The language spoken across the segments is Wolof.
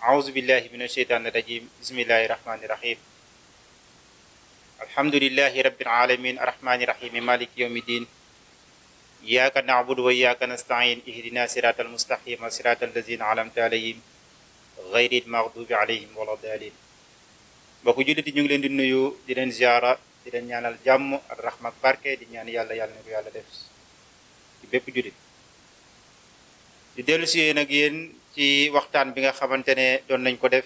أعوذ بالله من الشيطان الرجيم بسم الله الرحمن الرحيم الحمد لله رب العالمين الرحمن الرحيم مالك يوم الدين إياك نعبد وإياك نستعين اهدنا صراط المستقيم صراط الذين أنعمت عليهم غير المغضوب عليهم ولا الضالين mbokk jullit yi ñu ngi leen di nuyu di leen ziara di leen ñaanal jàmm ak raxma ak barke di ñaan yàlla yàlla na ko yàlla def ci bépp jullit di dellu si yéen ak yéen ci waxtaan bi nga xamante ne doon nañ ko def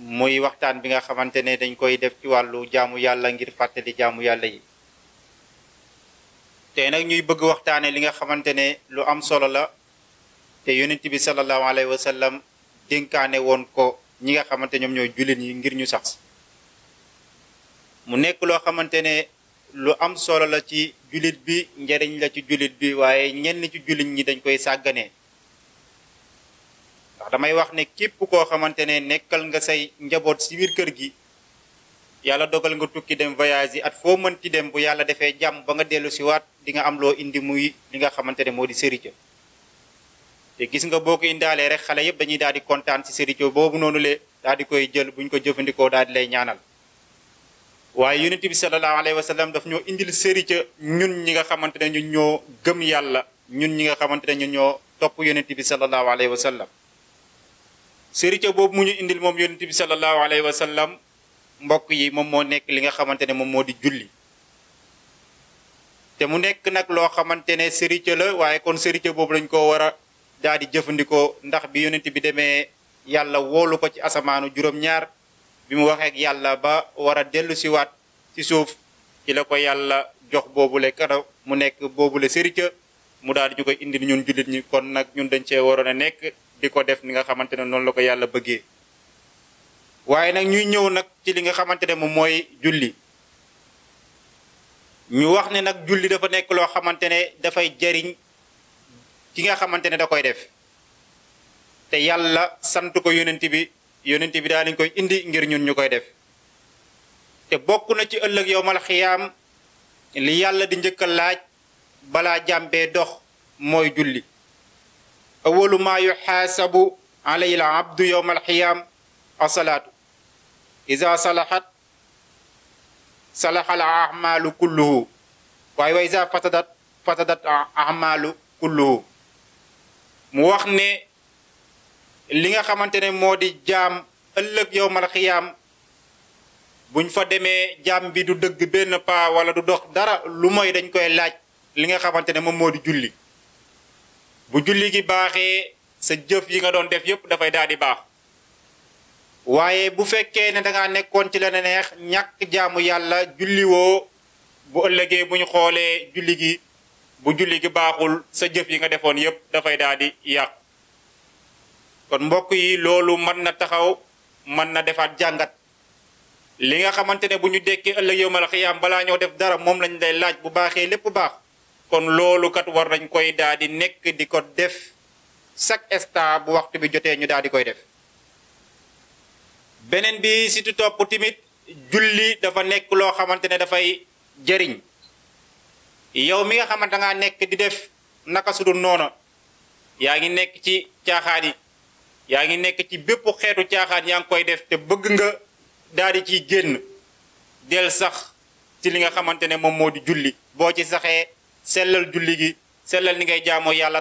muy waxtaan bi nga xamante ne dañ koy def ci wàllu jaamu yàlla ngir fàttali jaamu yàlla yi te nag ñuy bëgg waxtaane li nga xamante ne lu am solo la te yonent bi sallallahu alayhi wa sallam dénkaane woon ko ñi nga xamante ñoom ñooy jullit yi ngir ñu sax si mu nekk loo xamante ne lu am solo la ci jullit bi njëriñ la ci jullit bi waaye ñenn ci jullit ñi dañ koy sàgganee ndax damay wax ne képp koo xamante ne nekkal nga say njaboot ci biir kër gi yàlla dogal nga tukki dem voyage yi at foo mënti dem bu yàlla defee jàmm ba nga dellu si waat di nga am loo indi muy li nga xamante ne moo di sérica te gis nga boo ko indaalee rek xale yëpp dañuy daal di kontaan si sérica boobu noonu le daal di koy jël buñ ko jëfandikoo daal di lay ñaanal waaye yonent bi sallallahu alayhi wa sallam daf ñoo indil sérica ñun ñi nga xamante ne ñun ñoo gëm yàlla ñun ñi nga xamante ne ñun ñoo topp yonent bi sallallahu alayhi wa sérité boobu mu ñu indil moom yonent bi sallallahu alayhi wa sallam mbokk yi moom moo nekk li nga xamante ne moom moo di julli te mu nekk nag loo xamante ne sérité la waaye kon sérité boobu lañ ko war a daal di jëfandikoo ndax bi yonent bi demee yàlla woolu ko ci asamaanu juróom-ñaar bi mu waxeeg yàlla ba war a dellu siwaat ci suuf ci la ko yàlla jox boobule kana mu nekk boobu le sérité mu daal di ñu koy indil ñun jullit ñi kon nag ñun dañ cee waroon a nekk di ko def ni nga xamante ne noonu la ko yàlla bëggee waaye nag ñuy ñëw nag ci li nga xamante ne moom mooy julli ñu wax ne nag julli dafa nekk loo xamante ne dafay jariñ ki nga xamante ne da koy def te yàlla sant ko yonent bi yonent bi daal di koy indi ngir ñun ñu koy def te bokk na ci ëllëg yowmal xiyaam li yàlla di njëkka laaj balaa jàmbee dox mooy julli awalu maa yuxaasabu alayhi al abdu yowma alxiyaam asalaatu ida salaxat salaxa al ahmaalu kulluhu waaye wa ida fatadat fatadat ahmaalu kulluhu mu wax ne li nga xamante ne moo di jaam ëllëg yowmal xiyaam buñ fa demee jaam bi du dëgg benn paa wala du dox dara lu mooy dañ koy laaj li nga xamante ne moom moo di julli bu julli gi baaxee sa jëf yi nga doon def yépp dafay daal di baax waaye bu fekkee ne dangaa nekkoon ci la ne neex ñàkk jaamu yàlla julli woo bu ëllëgee bu ñu xoolee julli gi bu julli gi baaxul sa jëf yi nga defoon yépp dafay daal di yàq kon mbokk yi loolu mën na taxaw mën na defaat jàngat li nga xamante ne bu ñu dekkee ëllëg yowmal xiyaam balaa ñoo def dara moom lañu lay laaj bu baaxee lépp baax kon loolu kat war nañ koy daal di nekk di ko def chaque instant bu waxtu bi jotee ñu daal di koy def beneen bi si topp tamit julli dafa nekk loo xamante ne dafay jëriñ yow mi nga xamante ngaa nekk di def naka sudu dul yaa ngi nekk ci caaxaan yi yaa ngi nekk ci bépp xeetu caaxaan yaa ngi koy def te bëgg nga daal di ci génn del sax ci li nga xamante ne moom moo di julli boo ci saxee sellal julli gi sellal ni ngay jaamoo yàlla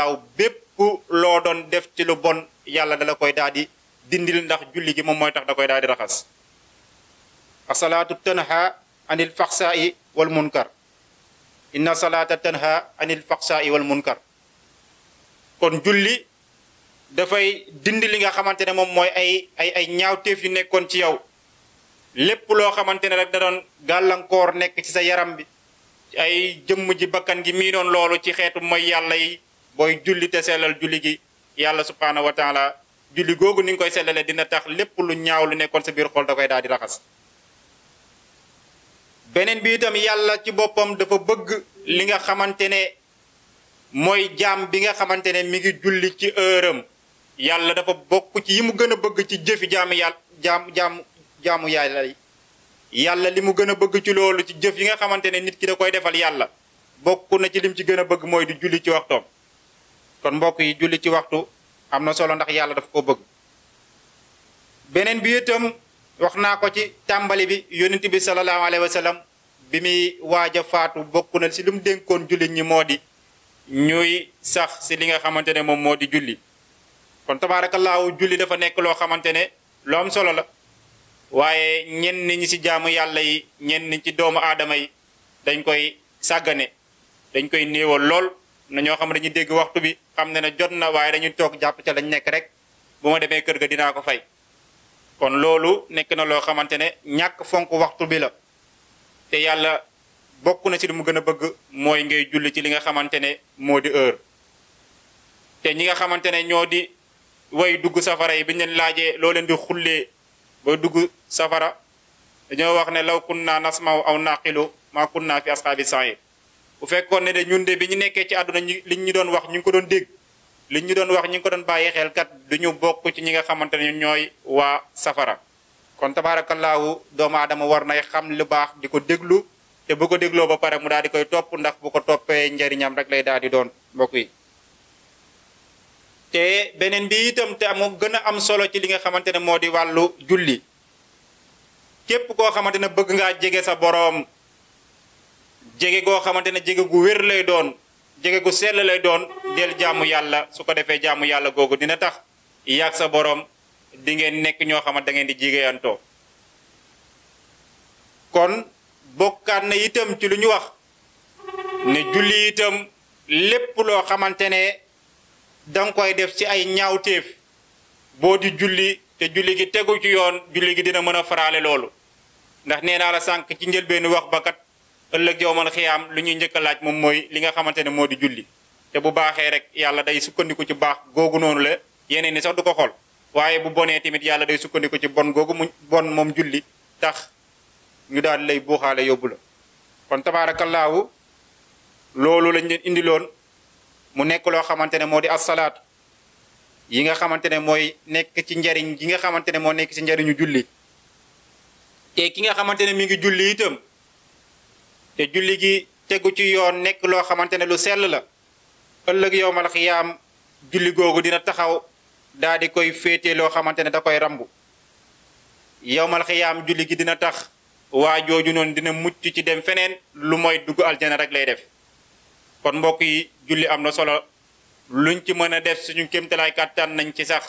law bépp loo doon def ci lu bon yàlla dala koy daal dindil ndax julli gi moom mooy tax da koy daal di raxas asalaatu tanha anil faxsaa'i wal munkar inna salaata tanha anil faxsaa'i wal munkar kon julli dafay dindi li nga xamante ne moom mooy ay ay ay ñaawteef yu nekkoon ci yow lépp loo xamante ne rek da doon gàllankoor nekk ci sa yaram bi ay jëmm ji bakkan gi mii noon loolu ci xeetu mooy yàlla yi booy julli te sellal julli gi yàlla subhaanahu wa taala julli googu ni nga koy sellalee dina tax lépp lu ñaaw lu nekkoon sa biir xol da koy daal di raxas beneen bi itam yàlla ci boppam dafa bëgg li nga xamante ne mooy jaam bi nga xamante ne mi ngi julli ci ëram yàlla dafa bokk ci yi mu gën a bëgg ci jëfi jaamu yàlla jaam jaamu jaamu yàlla yi yàlla li mu gën a bëgg ci loolu ci jëf yi nga xamante ne nit ki da koy defal yàlla bokk na ci lim ci gën a bëgg mooy di julli ci waxtoom kon mbokk yi julli ci waxtu am na solo ndax yàlla daf ko bëgg beneen bi itam wax naa ko ci tàmbali bi yonent bi sallallahu alayhi wa bi muy waaj a faatu bokk na si lu mu dénkoon julli ñi moo di ñuy sax si li nga xamante ne moom moo di julli kon tabaarakallaahu julli dafa nekk loo xamante ne lu am solo la waaye ñenn ñi ci jaamu yàlla yi ñenn ñi ci doomu aadama yi dañ koy sàggane dañ koy néewal lool na ñoo xam ne dañuy dégg waxtu bi xam ne na jot na waaye dañuy toog jàpp ca dañ nekk rek bu ma demee kër ga dinaa ko fay kon loolu nekk na loo xamante ne ñàkk fonk waxtu bi la te yàlla bokk na ci li mu gën a bëgg mooy ngay julli ci li nga xamante ne moo di heure te ñi nga xamante ne ñoo di way dugg safara yi bi ñu leen laajee loo leen di xullee ba dugg safara dañoo wax ne law kun naa nasmaw aw naqilu maa kun naa fi asxaabi sa'ir bu fekkoon ne de ñun de bi ñu nekkee ci àdduna liñ ñu doon wax ñu ngi ko doon dégg liñ ñu doon wax ñu ngi ko doon bàyyi xel kat du ñu bokk ci ñi nga xamante ne ñooy waa safara kon tabaarakallaahu doomu aadama war nay xam lu baax di ko déglu te bu ko dégloo ba pare mu daal di koy topp ndax bu ko toppee njariñam rek lay daal di doon mbokk yi te beneen bi itam te moo gën a am solo ci li nga xamante ne moo di wàllu julli képp koo xamante ne bëgg ngaa jege sa boroom jege koo xamante ne jege gu wér lay doon jege gu sell lay doon del jaamu yàlla su ko defee jaamu yàlla googu dina tax yàgg sa boroom di ngeen nekk ñoo xamante ngeen di jigéeyantoo kon bokkaat na itam ci lu ñu wax ne julli itam lépp loo xamante ne danga koy def ci ay ñaawteef boo di julli te julli gi tegu ci yoon julli gi dina mën a farale loolu ndax nee naa la sànq ci njëlbeenu wax ba kat ëllëg yowmal xiyaam lu ñuy njëkk laaj moom mooy li nga xamante ne moo di julli te bu baaxee rek yàlla day sukkandiku ci baax googu noonu la yeneen ni sax du ko xool waaye bu bonee tamit yàlla day sukkandiku ci bon googu mu bon moom julli tax ñu daal lay buuxaale yóbbu la kon tabaarakallaahu loolu lañ leen indiloon mu nekk loo xamante ne moo di asalaatu yi nga xamante ne mooy nekk ci njariñ yi nga xamante ne moo nekk ci njariñu julli te ki nga xamante ne mi ngi julli itam te julli gi tegu ci yoon nekk loo xamante ne lu sell la ëllëg yowmal xiyaam julli googu dina taxaw daa di koy féete loo xamante ne da koy rambu yowmal xiyaam julli gi dina tax waa jooju noonu dina mucc ci dem feneen lu mooy dugg aljana rek lay def kon mbokk yi julli am na solo luñ ci mën a def suñu kéemtalaay kàttan nañ ci sax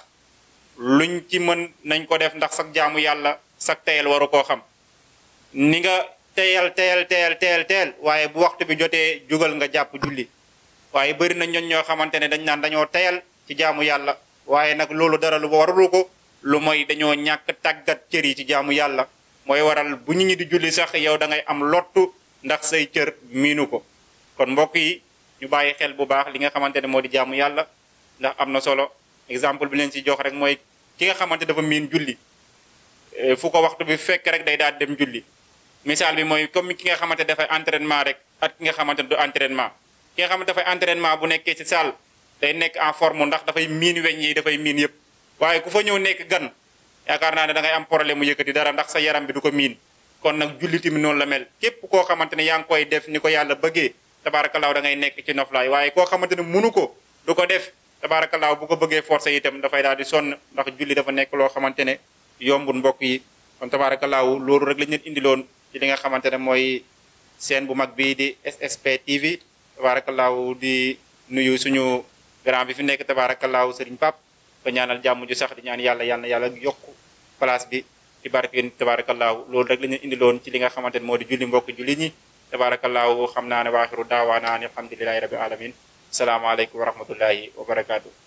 luñ ci mën nañ ko def ndax sax jaamu yàlla sax teyal waru koo xam ni nga teyal teyal teyal teyal waaye bu waxtu bi jotee jugal nga jàpp julli waaye bëri na ñoon ñoo xamante ne dañ naan dañoo teyal ci jaamu yàlla waaye nag loolu dara lu warulu ko lu mooy dañoo ñàkk tàggat cër yi ci jaamu yàlla mooy waral bu ñu di julli sax yow da ngay am lottu ndax say cër miinu ko kon mbokk yi ñu bàyyi xel bu baax li nga xamante ne moo di jaamu yàlla ndax am na solo exemple bi leen ci jox rek mooy ki nga xamante dafa miin julli euh, fu ko waxtu bi fekk rek day daal dem julli misaal bi mooy comme ki nga xamante dafay entraînement rek ak ki nga xamante ne du entrainement ki nga xamante dafay entraînement bu nekkee ci salle day nekk en forme ndax dafay miin weñ yi dafay miin yëpp waaye ku fa ñëw nekk gan yaakaar naa ne danga ngay am problème mu yëkkati dara ndax sa yaram bi du ko miin kon nag julli tamit noonu la mel képp koo xamante ne yaa ngi koy def ni ko yàlla bëggee tabaarakallaaw da ngay nekk ci noflaay waaye koo xamante ne munu ko du ko def tabaarakallaaw bu ko bëggee forcé itam dafay daal di sonn ndax julli dafa nekk loo xamante ne yombul mbokk yi kon tabaarakallaaw loolu rek lañ leen indiloon ci li nga xamante ne mooy seen bu mag bii di SSP TV tabaarakallaaw di nuyu suñu grand bi fi nekk tabaarakallaaw sëriñ Pape ko ñaanal jàmm ju sax di ñaan yàlla yàlla na yokk place bi ci barke tabaarakallaaw loolu rek la ñu indiloon ci li nga xamante ne moo di julli mbokk julli ñi tabaarakallaahu xam naa ne waaxiru daawaana an alhamdulilahi rabi alamin salaamaaleykum wa rahmatullahi wa barakaatu